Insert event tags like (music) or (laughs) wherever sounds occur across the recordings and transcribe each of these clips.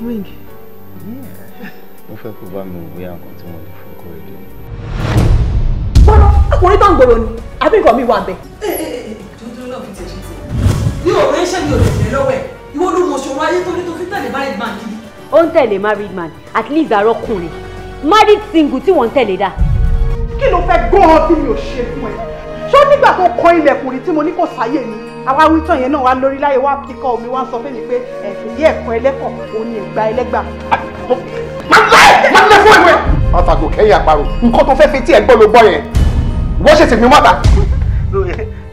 ring. (laughs) mo fẹ́ kó bá mi wò bóyá nǹkan tí mo lè fún kó rí dé. bọ́lá ọkùnrin tó ń gbòòrò ni àbí nǹkan mi wà bẹ́ẹ̀. ẹ ẹ ẹ dúdú náà fi tẹ̀sí tẹ̀. mi ò rẹ́ iṣẹ́ mi ò lè tẹ̀ lọ́wọ́ ẹ̀ ìwọ ló mọ̀ ṣòro ayé tó ní tó fi tẹ̀lé married man kiri. ó ń tẹ̀lé married man at least àrọ́kùnrin married single tí wọ́n ń tẹ̀lé dá. kí ló fẹ́ gbọ́ ọ bí mi ò ṣe fún ẹ ṣó nígbà tó kọ ilẹ̀kùnrin tí mo ní kò sáyé ni àwa wítàn yẹn náà wá lórí láyé wá ti kọ́ omi wá sọ fún mi pé ẹ̀sìn yí ẹ̀kọ́ ẹlẹ́kọ̀ọ́ òun ni ìgbà ẹlẹ́gbà. àtàgò kẹ́yìn àparò nǹkan tó fẹ́ fi tí ẹ̀ gbọ́ ló gbọ́ yẹn wọ́n ṣe tèmi mọ́ta.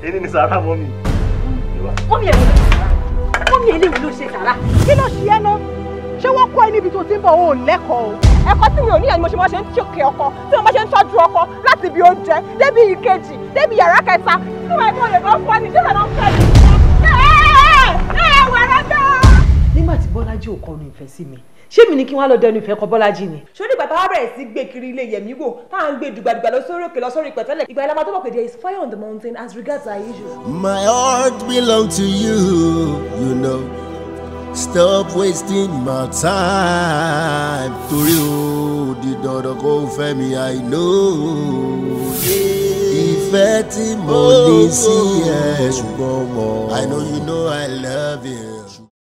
èyí ni sàrà mọ́ mi. wọ́n mi ẹ̀wọ̀n wọ́n mi eléyìí ló ṣe sàrà kí ló ṣe ẹ́ náà ṣé wọ́n kọ́ ẹ níbi tó ti ń bọ̀ o lẹ́kọ̀ọ́ ẹ̀kọ́ tí mi ò ní ẹ̀ ni mo ṣe máa ṣe ń ṣòkè síbi oúnjẹ débi ìkejì débi yàrá kẹta tí wọ́n kọ́ lè lọ fọ́ ni jẹ́sẹ̀ lọ fẹ́ mi. nígbà tí bọ́lájí ò kọnu ìfẹ́ sí mi ṣé mi ni kí wọ́n á lọ dẹnu ìfẹ́ kọ bọ́lájí ni. sórí bàbá wa bẹ̀rẹ̀ sí gbé kiri ilé yẹ̀mí wò táà ń gbé dùgbàdùgbà lọ sórí òkè lọ sórí pẹ̀tẹ́lẹ̀. ìgbà ìlànà tó pé there is fire on the mountain as regards our issues. my heart belong to you you know stop wasting my time torí o dandan kó fẹ́ mi i know ìfẹ́ tí mo ní sí ẹ ṣùgbọ́n mo i know you know i love you.